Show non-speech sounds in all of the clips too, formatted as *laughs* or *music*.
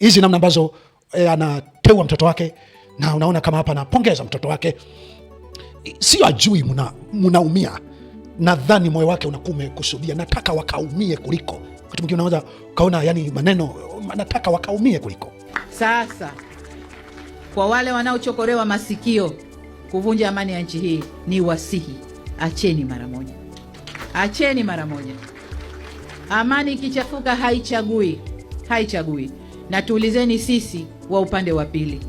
hizi namna ambazo e, anateua mtoto wake, na unaona kama hapa anapongeza mtoto wake, sio ajui mnaumia muna nadhani moyo wake unakuwa umekusudia, nataka wakaumie kuliko kitu mwingine. Unaweza ukaona yani maneno, nataka wakaumie kuliko. Sasa kwa wale wanaochokorewa masikio kuvunja amani ya nchi hii, ni wasihi, acheni mara moja, acheni mara moja. Amani ikichafuka haichagui, haichagui na tuulizeni sisi wa upande wa pili.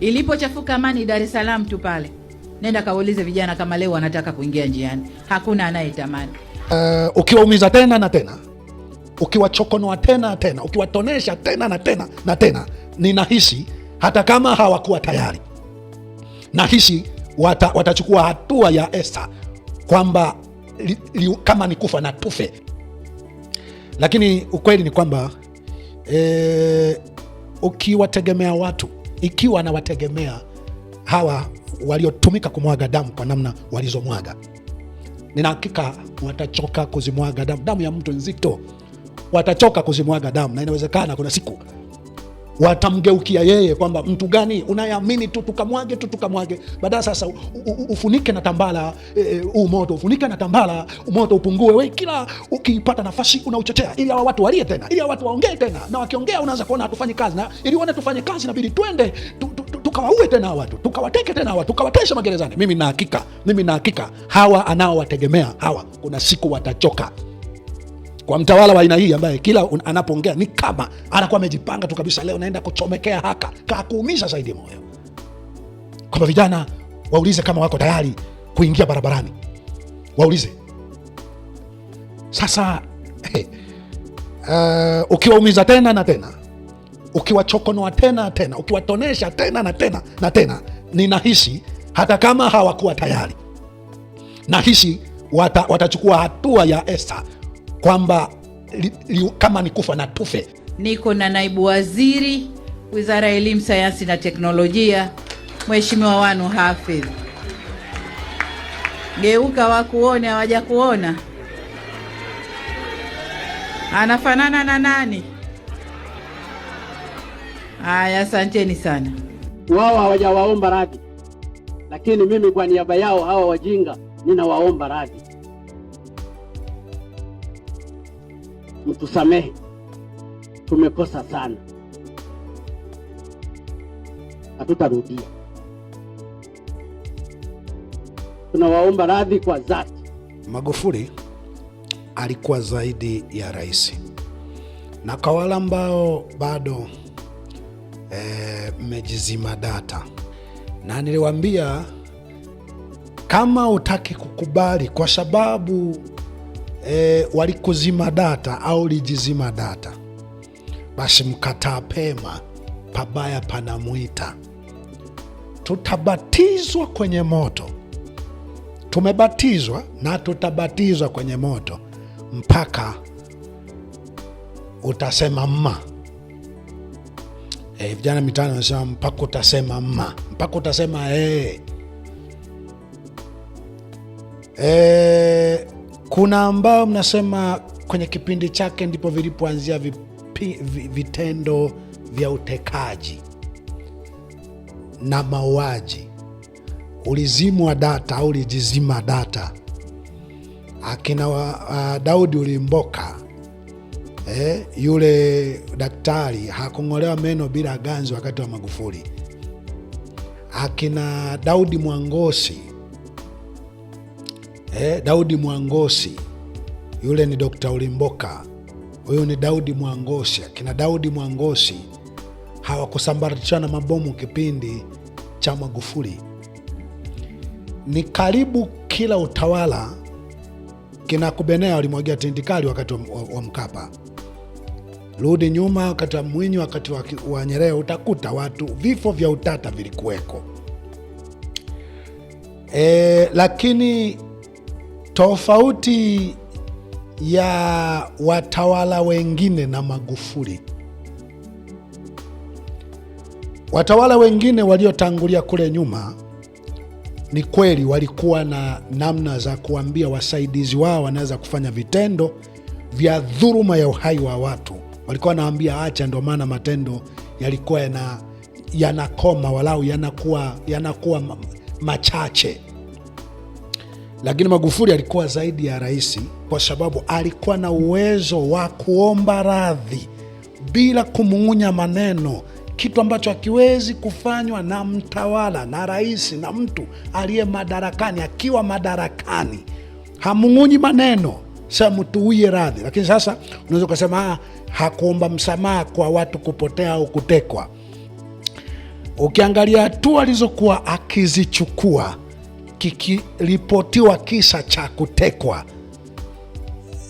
Ilipochafuka amani Dar es Salaam tu pale, nenda kawaulize vijana kama leo wanataka kuingia njiani, hakuna anayetamani. Uh, ukiwaumiza tena na tena, ukiwachokonoa tena na tena, ukiwatonesha tena na tena na tena, ninahisi hata kama hawakuwa tayari, nahisi wata, watachukua hatua ya Esta kwamba li, li, kama ni kufa na tufe, lakini ukweli ni kwamba e, ukiwategemea watu, ikiwa anawategemea hawa waliotumika kumwaga damu kwa namna walizomwaga, nina hakika watachoka kuzimwaga damu. Damu ya mtu nzito, watachoka kuzimwaga damu, na inawezekana kuna siku watamgeukia yeye kwamba mtu gani unayeamini tu tukamwage tu tukamwage. Baadaye sasa ufunike na tambala e, e, huu e, moto ufunike na tambala moto upungue. We kila ukipata nafasi unauchochea ili hawa watu walie tena, ili hawa watu waongee tena, na wakiongea unaanza kuona hatufanyi kazi, na ili uone tufanye kazi inabidi twende tu, tu, tu, tukawaue tena hawa watu tukawateke tena hawa tukawatesha magerezani. Mimi na hakika mimi na hakika hawa anaowategemea hawa kuna siku watachoka kwa mtawala wa aina hii ambaye kila anapoongea ni kama anakuwa amejipanga tu kabisa, leo naenda kuchomekea haka kakuumiza zaidi moyo. Kwamba vijana waulize kama wako tayari kuingia barabarani, waulize sasa. Hey, uh, eh, ukiwaumiza tena na tena, ukiwachokonoa tena tena, ukiwatonesha tena na tena na tena, ninahisi hata kama hawakuwa tayari, nahisi wata, watachukua hatua ya Esta kwamba li, li, kama nikufa na tufe. Niko na naibu waziri wizara ya elimu, sayansi na teknolojia, Mheshimiwa Wanu Hafidh. Geuka wakuone, kuona Anafanana na nani? Haya, asanteni sana. Wao hawajawaomba radhi, lakini mimi kwa niaba yao hawa wajinga ninawaomba radhi. mtusamehe, tumekosa sana, hatutarudia. Tunawaomba radhi kwa dhati. Magufuli alikuwa zaidi ya rais, na kwa wale ambao bado eh, mmejizima e, data na niliwaambia kama utaki kukubali kwa sababu e, walikuzima data au lijizima data, basi mkataa pema, pabaya panamwita. Tutabatizwa kwenye moto, tumebatizwa na tutabatizwa kwenye moto mpaka utasema mma. E, vijana mitano wanasema mpaka utasema mma, mpaka utasema ee. E, kuna ambao mnasema kwenye kipindi chake ndipo vilipoanzia vitendo vya utekaji na mauaji. Ulizimwa data au ulijizima data, akina uh, Daudi ulimboka eh, yule daktari hakung'olewa meno bila ganzi wakati wa Magufuli, akina Daudi Mwangosi eh, Daudi Mwangosi yule ni Dr. Ulimboka, huyu ni Daudi Mwangosi. Akina Daudi Mwangosi hawakusambaratishana mabomu kipindi cha Magufuli. Ni karibu kila utawala kina Kubenea walimwagia tindikali wakati wa, wa, wa Mkapa. Rudi nyuma wakati wa Mwinyi, wakati wa, wa Nyerere, utakuta watu vifo vya utata vilikuweko. E, lakini Tofauti ya watawala wengine na Magufuli, watawala wengine waliotangulia kule nyuma, ni kweli walikuwa na namna za kuambia wasaidizi wao wanaweza kufanya vitendo vya dhuluma ya uhai wa watu, walikuwa wanawambia acha. Ndio maana matendo yalikuwa yanakoma, yana walau yanakuwa yanakuwa machache lakini Magufuli alikuwa zaidi ya rais, kwa sababu alikuwa na uwezo wa kuomba radhi bila kumung'unya maneno, kitu ambacho hakiwezi kufanywa na mtawala na rais na mtu aliye madarakani. Akiwa madarakani hamung'unyi maneno, sa mtuwie radhi. Lakini sasa unaweza ukasema ah, hakuomba msamaha kwa watu kupotea au kutekwa. Ukiangalia hatua alizokuwa akizichukua kikiripotiwa kisa cha kutekwa,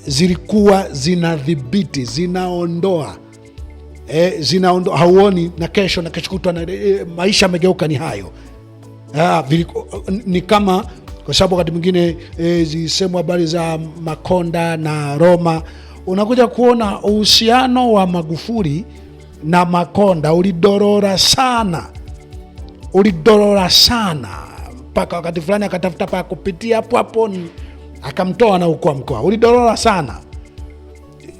zilikuwa zinadhibiti, zinaondoa e, zinaondoa hauoni, na kesho na kesho kutwa na e, e maisha yamegeuka ni hayo. ha, ah, viliku, ni kama kwa sababu wakati mwingine e, zisemwa habari za Makonda na Roma, unakuja kuona uhusiano wa Magufuli na Makonda ulidorora sana, ulidorora sana mpaka wakati fulani akatafuta pa kupitia hapo hapo akamtoa na ukoo mkoa ulidorora sana.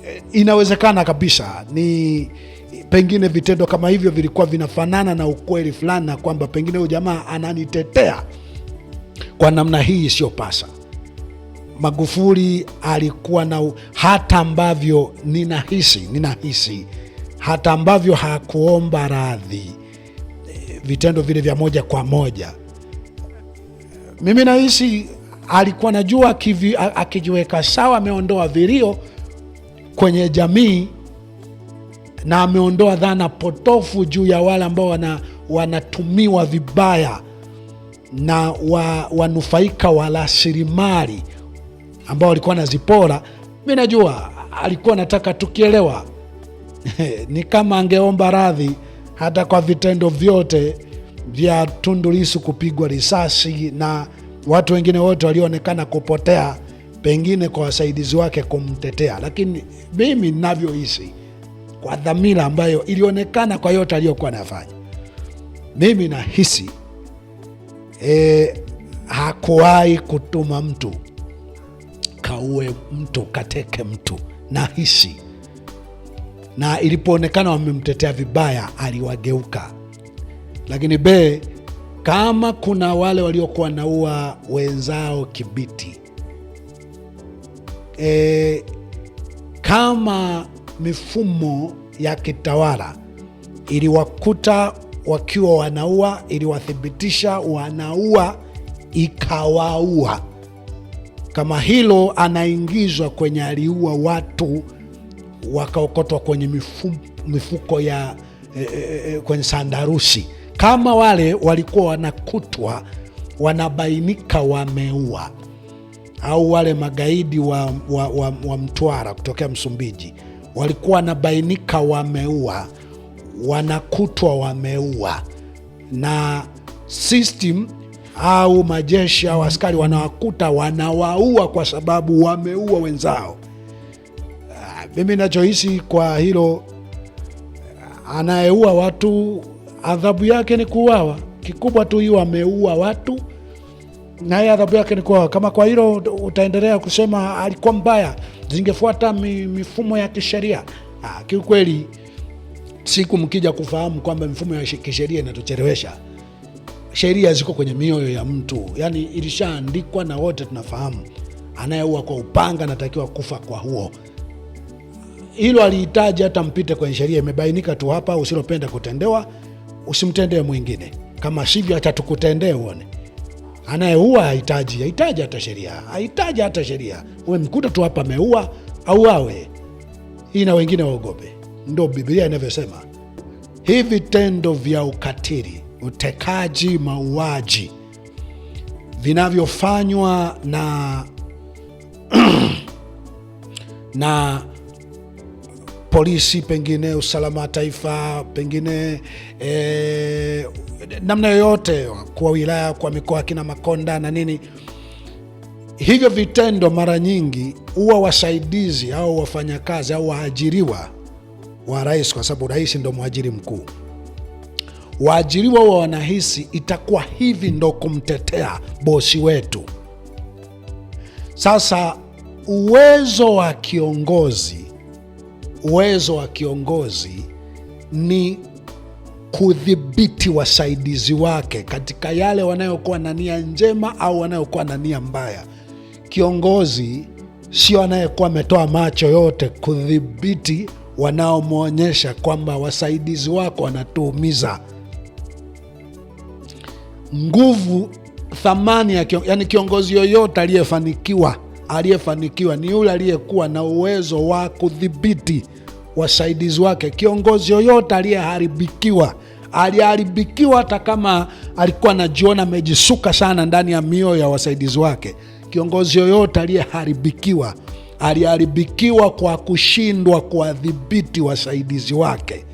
Eh, inawezekana kabisa ni pengine vitendo kama hivyo vilikuwa vinafanana na ukweli fulani, na kwamba pengine huyu jamaa ananitetea kwa namna hii isiyopasa. Magufuli alikuwa na hata ambavyo ninahisi ninahisi hata ambavyo hakuomba radhi eh, vitendo vile vya moja kwa moja mimi nahisi alikuwa najua kivi, akijiweka sawa, ameondoa vilio kwenye jamii na ameondoa dhana potofu juu ya wale ambao wana, wanatumiwa vibaya na wa, wanufaika wa rasilimali ambao walikuwa wanazipora. Mi najua alikuwa anataka tukielewa *laughs* ni kama angeomba radhi hata kwa vitendo vyote vya Tundu Lissu kupigwa risasi na watu wengine wote walioonekana kupotea, pengine kwa wasaidizi wake kumtetea. Lakini mimi ninavyohisi, kwa dhamira ambayo ilionekana kwa yote aliyokuwa anafanya, mimi nahisi e, hakuwahi kutuma mtu kaue mtu kateke mtu, nahisi na ilipoonekana wamemtetea vibaya, aliwageuka lakini be kama kuna wale waliokuwa naua wenzao Kibiti, e, kama mifumo ya kitawala iliwakuta wakiwa wanaua, iliwathibitisha wanaua, ikawaua, kama hilo anaingizwa kwenye aliua watu wakaokotwa kwenye mifu, mifuko ya e, e, e kwenye sandarusi. Kama wale walikuwa wanakutwa wanabainika wameua au wale magaidi wa, wa, wa, wa Mtwara kutokea Msumbiji walikuwa wanabainika wameua, wanakutwa wameua, na system au majeshi au askari wanawakuta wanawaua kwa sababu wameua wenzao. Mimi nachohisi kwa hilo, anayeua watu adhabu yake ni kuuawa. Kikubwa tu hiyo ameua watu na adhabu yake ni kuuawa. Kama kwa hilo utaendelea kusema alikuwa mbaya, zingefuata mifumo ya kisheria ah, kiukweli, siku mkija kufahamu kwamba mifumo ya kisheria inatuchelewesha. Sheria ziko kwenye mioyo ya mtu, yani ilishaandikwa na wote tunafahamu, anayeua kwa upanga anatakiwa kufa kwa huo. Hilo alihitaji hata mpite kwenye sheria, imebainika tu hapa, usilopenda kutendewa usimtendee mwingine, kama sivyo atatukutendea uone. Anayeua hahitaji hahitaji hata sheria, hahitaji hata sheria. Umemkuta tu hapa ameua, auawe, hii na wengine waogope. Ndo Biblia inavyosema. Hivi vitendo vya ukatili, utekaji, mauaji vinavyofanywa na *clears throat* na polisi, pengine usalama wa taifa, pengine e, namna yoyote, kwa wilaya, kwa mikoa, kina Makonda na nini. Hivyo vitendo mara nyingi huwa wasaidizi au wafanyakazi au waajiriwa wa rais, kwa sababu rais ndo mwajiri mkuu waajiriwa huwa wanahisi itakuwa hivi ndo kumtetea bosi wetu. Sasa uwezo wa kiongozi uwezo wa kiongozi ni kudhibiti wasaidizi wake katika yale wanayokuwa na nia njema au wanayokuwa na nia mbaya. Kiongozi sio anayekuwa ametoa macho yote kudhibiti wanaomwonyesha kwamba wasaidizi wako wanatuumiza. Nguvu, thamani ya kiongozi, yani kiongozi yoyote aliyefanikiwa aliyefanikiwa ni yule aliyekuwa na uwezo wa kudhibiti wasaidizi wake. Kiongozi yoyote aliyeharibikiwa aliharibikiwa, hata kama alikuwa anajiona amejisuka sana ndani ya mioyo ya wasaidizi wake. Kiongozi yoyote aliyeharibikiwa aliharibikiwa kwa kushindwa kuwadhibiti wasaidizi wake.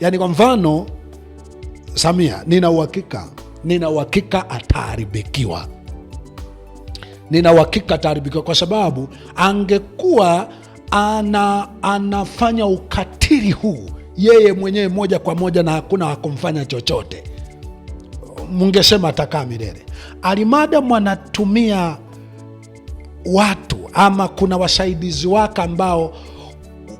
Yaani, kwa mfano Samia, nina uhakika nina uhakika ataharibikiwa nina uhakika ataharibikiwa, kwa sababu angekuwa ana, anafanya ukatili huu yeye mwenyewe moja kwa moja na hakuna wakumfanya chochote, mungesema atakaa milele. Alimadamu anatumia watu ama kuna wasaidizi wake ambao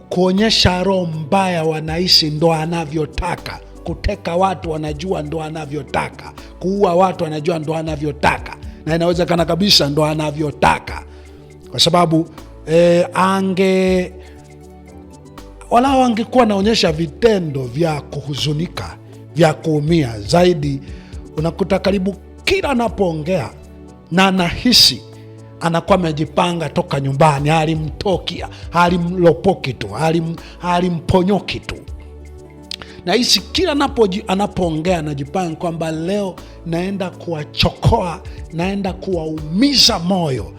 kuonyesha roho mbaya, wanaishi ndo anavyotaka, kuteka watu wanajua ndo anavyotaka, kuua watu wanajua ndo anavyotaka na inawezekana kabisa ndo anavyotaka, kwa sababu e, ange walao angekuwa anaonyesha vitendo vya kuhuzunika vya kuumia zaidi. Unakuta karibu kila anapoongea na anahisi anakuwa amejipanga toka nyumbani, halimtokia halimlopoki tu, halimponyoki tu nahisi kila anapoongea anajipanga kwamba leo naenda kuwachokoa, naenda kuwaumiza moyo.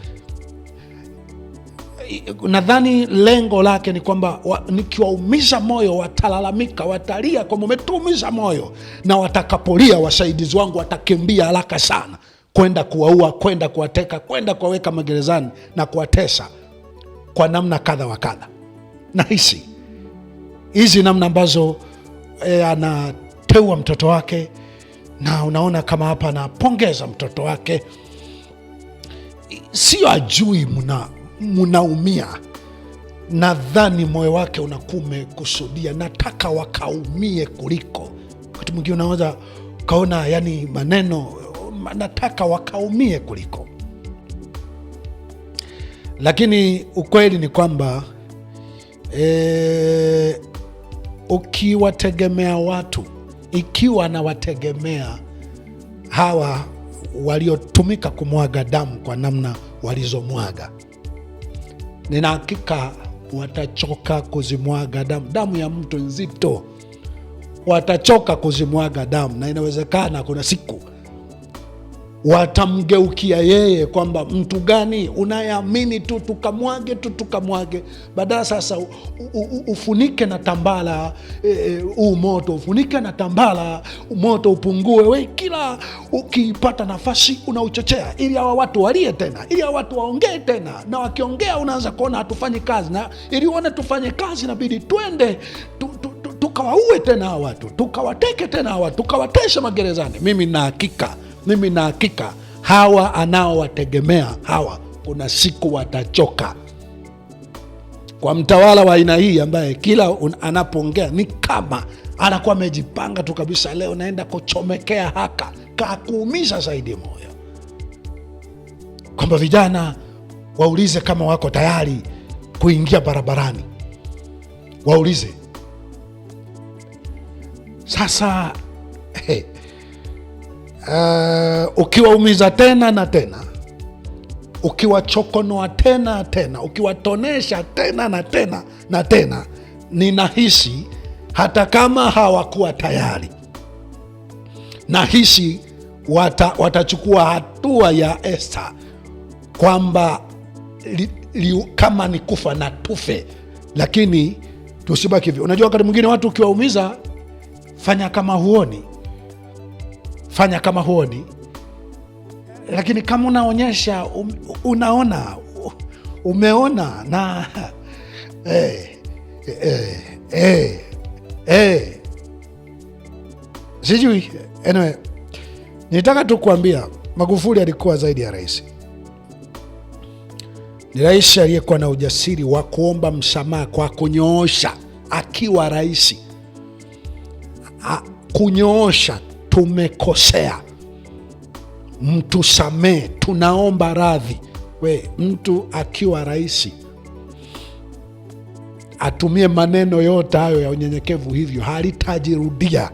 Nadhani lengo lake ni kwamba nikiwaumiza moyo watalalamika, watalia kwamba umetuumiza moyo, na watakapolia wasaidizi wangu watakimbia haraka sana kwenda kuwaua, kwenda kuwateka, kwenda kuwaweka magerezani na kuwatesa kwa namna kadha wa kadha. Nahisi hizi namna ambazo e, anateua mtoto wake, na unaona kama hapa anapongeza mtoto wake, sio ajui munaumia. Nadhani moyo wake unakuwa umekusudia, nataka wakaumie kuliko wakati mwingine unaweza ukaona, yani maneno nataka wakaumie kuliko, lakini ukweli ni kwamba e, ukiwategemea watu, ikiwa nawategemea hawa waliotumika kumwaga damu kwa namna walizomwaga, nina hakika watachoka kuzimwaga damu. Damu ya mtu nzito, watachoka kuzimwaga damu, na inawezekana kuna siku watamgeukia yeye kwamba mtu gani unayeamini tu tukamwage tu tukamwage, badala sasa u, u, ufunike na tambala e, e, huu e, moto ufunike na tambala moto upungue. We kila ukipata nafasi unauchochea ili hawa watu walie tena, ili hawa watu waongee tena, na wakiongea unaanza kuona hatufanyi kazi, na ili uone tufanye kazi inabidi twende tu, tu, tu, tukawaue tena hawa watu tukawateke tena hawa watu tukawatesha magerezani. Mimi na hakika mimi na hakika hawa anaowategemea hawa, kuna siku watachoka. Kwa mtawala wa aina hii ambaye kila anapoongea ni kama anakuwa amejipanga tu kabisa, leo naenda kuchomekea haka, kakuumiza zaidi moyo, kwamba vijana waulize kama wako tayari kuingia barabarani, waulize sasa. Hey, eh, uh, ukiwaumiza tena na tena, ukiwachokonoa tena tena, ukiwatonesha tena na tena na tena, ninahisi hata kama hawakuwa tayari, nahisi wata, watachukua hatua ya Esta kwamba li, li, kama ni kufa na tufe, lakini tusibaki hivyo. Unajua, wakati mwingine watu ukiwaumiza, fanya kama huoni fanya kama huoni, lakini kama unaonyesha um, unaona umeona na *laughs* eh, eh, eh, eh. Sijui anyway, nitaka tu kuambia Magufuli alikuwa zaidi ya rais. Ni rais aliyekuwa na ujasiri wa kuomba msamaha kwa kunyoosha, akiwa rais kunyoosha tumekosea, mtusamee, tunaomba radhi. We mtu akiwa rais atumie maneno yote hayo ya unyenyekevu, hivyo halitajirudia.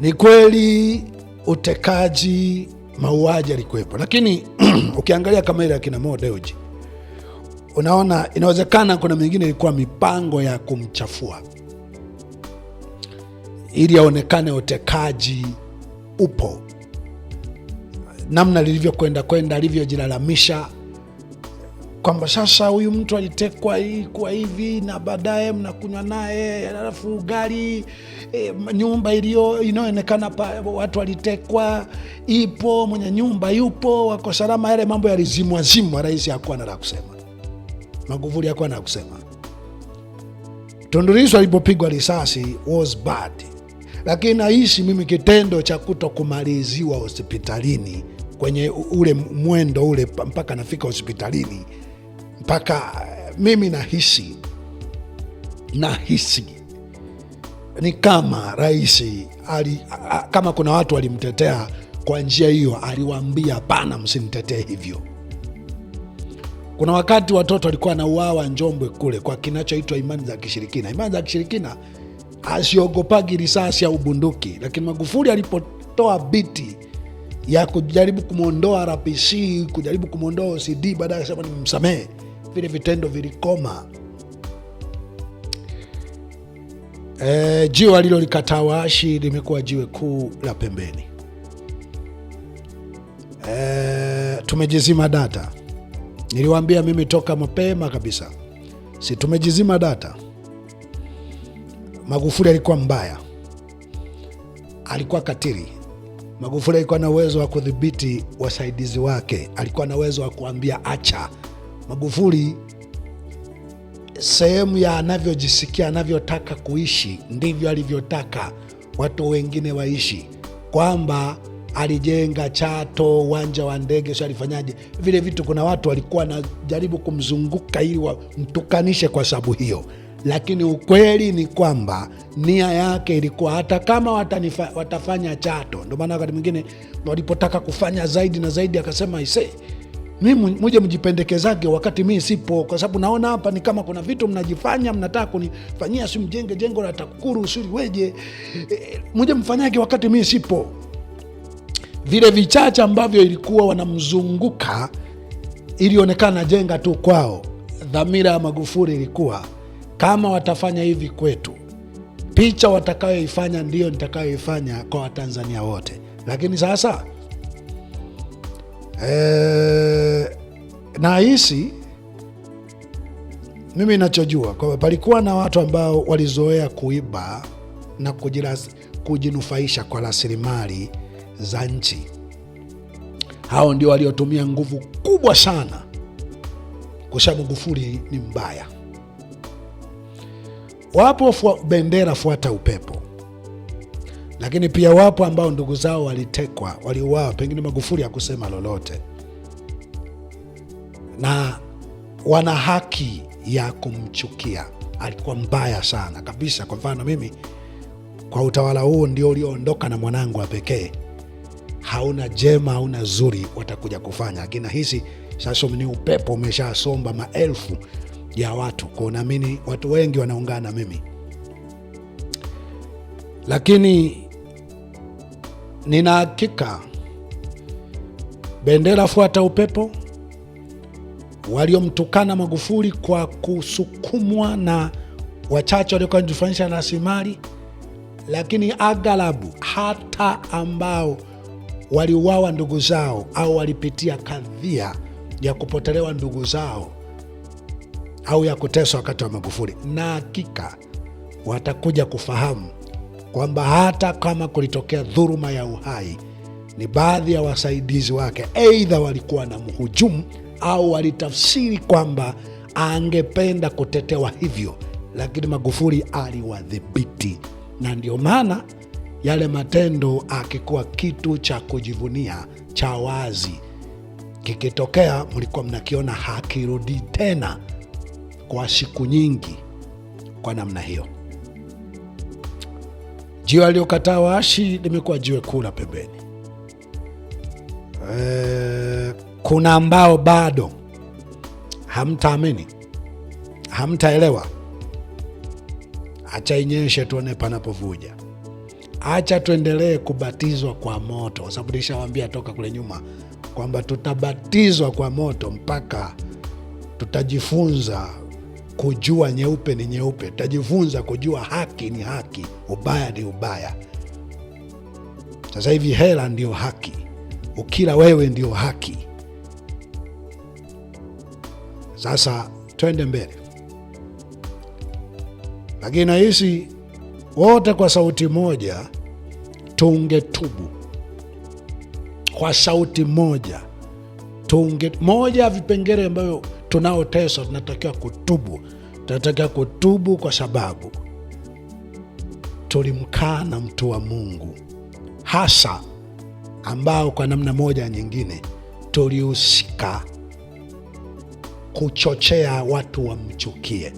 Ni kweli utekaji, mauaji alikuwepo, lakini *clears throat* ukiangalia kama ile akina Mo Dewji unaona inawezekana kuna mingine ilikuwa mipango ya kumchafua ili aonekane utekaji upo, namna lilivyokwenda kwenda, alivyojilalamisha kwamba sasa huyu mtu alitekwa kuwa hivi na baadaye mnakunywa naye alafu gari e, nyumba iliyo inayoonekana watu walitekwa ipo, mwenye nyumba yupo, wako salama. Yale mambo yalizimwazimwa, rais hakuwa na la kusema, Magufuli hakuwa na la kusema. Tundu Lissu alipopigwa risasi was bad lakini naishi mimi kitendo cha kutokumaliziwa hospitalini kwenye ule mwendo ule mpaka nafika hospitalini mpaka eh, mimi nahisi nahisi ni kama rais ali, a, kama kuna watu walimtetea kwa njia hiyo, aliwaambia hapana, msimtetee hivyo. Kuna wakati watoto walikuwa na uawa Njombe kule kwa kinachoitwa imani za kishirikina. Imani za kishirikina asiogopagi risasi au bunduki, lakini Magufuli alipotoa biti ya kujaribu kumwondoa RPC, kujaribu kumwondoa OCD, baadaye akasema nimsamehe, vile vitendo vilikoma. E, jiwe alilolikataa Waashi limekuwa jiwe kuu la pembeni. E, tumejizima data. Niliwaambia mimi toka mapema kabisa, si tumejizima data. Magufuli alikuwa mbaya, alikuwa katili. Magufuli alikuwa na uwezo wa kudhibiti wasaidizi wake, alikuwa na uwezo wa kuambia acha. Magufuli sehemu ya anavyojisikia, anavyotaka kuishi ndivyo alivyotaka watu wengine waishi, kwamba alijenga Chato, uwanja wa ndege, sio alifanyaje vile vitu. Kuna watu walikuwa wanajaribu kumzunguka ili wamtukanishe kwa sababu hiyo lakini ukweli ni kwamba nia yake ilikuwa hata kama watanifa, watafanya Chato. Ndio maana wakati mwingine walipotaka kufanya zaidi na zaidi, akasema ise mi muje mjipendekezage wakati mi sipo, kwa sababu naona hapa ni kama kuna vitu mnajifanya, mnataka kunifanyia, si mjenge jengo la TAKUKURU usuri weje, e, eh, muje mfanyage wakati mi sipo. Vile vichache ambavyo ilikuwa wanamzunguka ilionekana jenga tu kwao. Dhamira ya Magufuli ilikuwa kama watafanya hivi kwetu, picha watakayoifanya ndiyo nitakayoifanya kwa Watanzania wote. Lakini sasa e, nahisi mimi nachojua kwamba palikuwa na watu ambao walizoea kuiba na kujinufaisha kwa rasilimali za nchi. Hao ndio waliotumia nguvu kubwa sana, kwa sababu Magufuli ni mbaya Wapo fwa, bendera fuata upepo, lakini pia wapo ambao ndugu zao walitekwa, waliuawa, pengine Magufuli hakusema lolote, na wana haki ya kumchukia. Alikuwa mbaya sana kabisa. Kwa mfano mimi, kwa utawala huu ndio ulioondoka na mwanangu wa pekee, hauna jema, hauna zuri watakuja kufanya, lakini nahisi sasa ni upepo umeshasomba maelfu ya watu kwa, naamini watu wengi wanaungana na mimi, lakini nina hakika bendera fuata upepo waliomtukana Magufuli kwa kusukumwa na wachache waliokuwa wanajifanisha rasilimali, lakini aghalabu hata ambao waliuawa ndugu zao au walipitia kadhia ya kupotelewa ndugu zao au ya kuteswa wakati wa Magufuli, na hakika watakuja kufahamu kwamba hata kama kulitokea dhuruma ya uhai, ni baadhi ya wasaidizi wake aidha walikuwa na mhujumu au walitafsiri kwamba angependa kutetewa hivyo, lakini Magufuli aliwadhibiti, na ndio maana yale matendo akikuwa kitu cha kujivunia cha wazi, kikitokea mlikuwa mnakiona hakirudi tena kwa siku nyingi kwa namna hiyo. Jiwe aliyokataa waashi limekuwa jiwe kuu la pembeni. E, kuna ambao bado hamtaamini, hamtaelewa. Acha inyeshe tuone panapovuja. Acha tuendelee kubatizwa kwa moto, kwa sababu nilishawambia toka kule nyuma kwamba tutabatizwa kwa moto mpaka tutajifunza kujua nyeupe ni nyeupe, tajifunza kujua haki ni haki, ubaya ni ubaya. Sasa hivi hela ndio haki, ukila wewe ndio haki. Sasa twende mbele, lakini nahisi wote kwa sauti moja tunge tubu kwa sauti moja tunge moja ya vipengele ambavyo tunaoteswa tunatakiwa kutubu, tunatakiwa kutubu kwa sababu tulimkaa na mtu wa Mungu, hasa ambao kwa namna moja nyingine tulihusika kuchochea watu wamchukie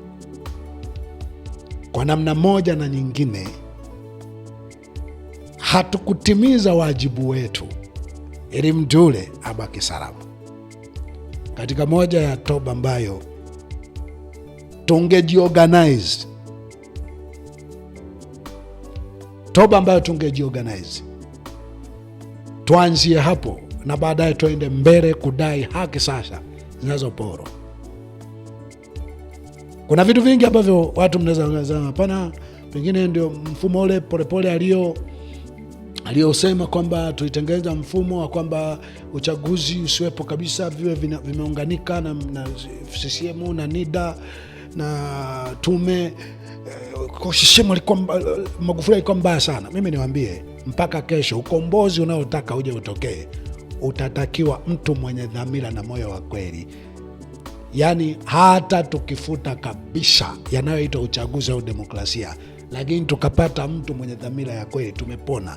kwa namna moja na nyingine. Hatukutimiza wajibu wetu ili mtu abaki salama katika moja ya toba ambayo tungejiorganize, toba ambayo tungejiorganize, tuanzie hapo na baadaye tuende mbele kudai haki sasa zinazoporwa. Kuna vitu vingi ambavyo watu mnaweza hapana, pengine ndio mfumo ule polepole alio aliyosema kwamba tulitengeneza mfumo wa kwamba uchaguzi usiwepo kabisa, viwe vimeunganika na, na CCM na NIDA na tume eh, kwa CCM. Alikuwa Magufuli alikuwa mbaya sana. Mimi niwaambie, mpaka kesho ukombozi unaotaka uje utokee utatakiwa mtu mwenye dhamira na moyo wa kweli. Yaani hata tukifuta kabisa yanayoitwa uchaguzi au demokrasia, lakini tukapata mtu mwenye dhamira ya kweli, tumepona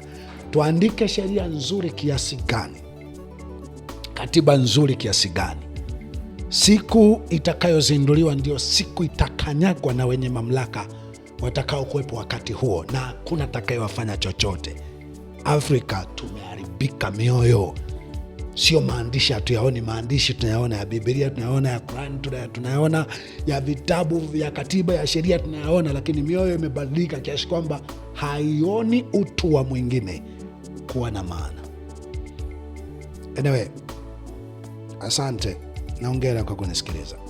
tuandike sheria nzuri kiasi gani, katiba nzuri kiasi gani, siku itakayozinduliwa ndio siku itakanyagwa na wenye mamlaka watakaokuwepo wakati huo, na hakuna atakayewafanya chochote. Afrika tumeharibika mioyo, sio maandishi hatuyaoni. Maandishi tunayaona ya Bibilia, tunayaona ya Kurani, tunayaona ya vitabu vya katiba ya sheria, tunayaona, lakini mioyo imebadilika kiasi kwamba haioni utu wa mwingine kuwa na maana. Anyway, asante na kwa kunisikiliza.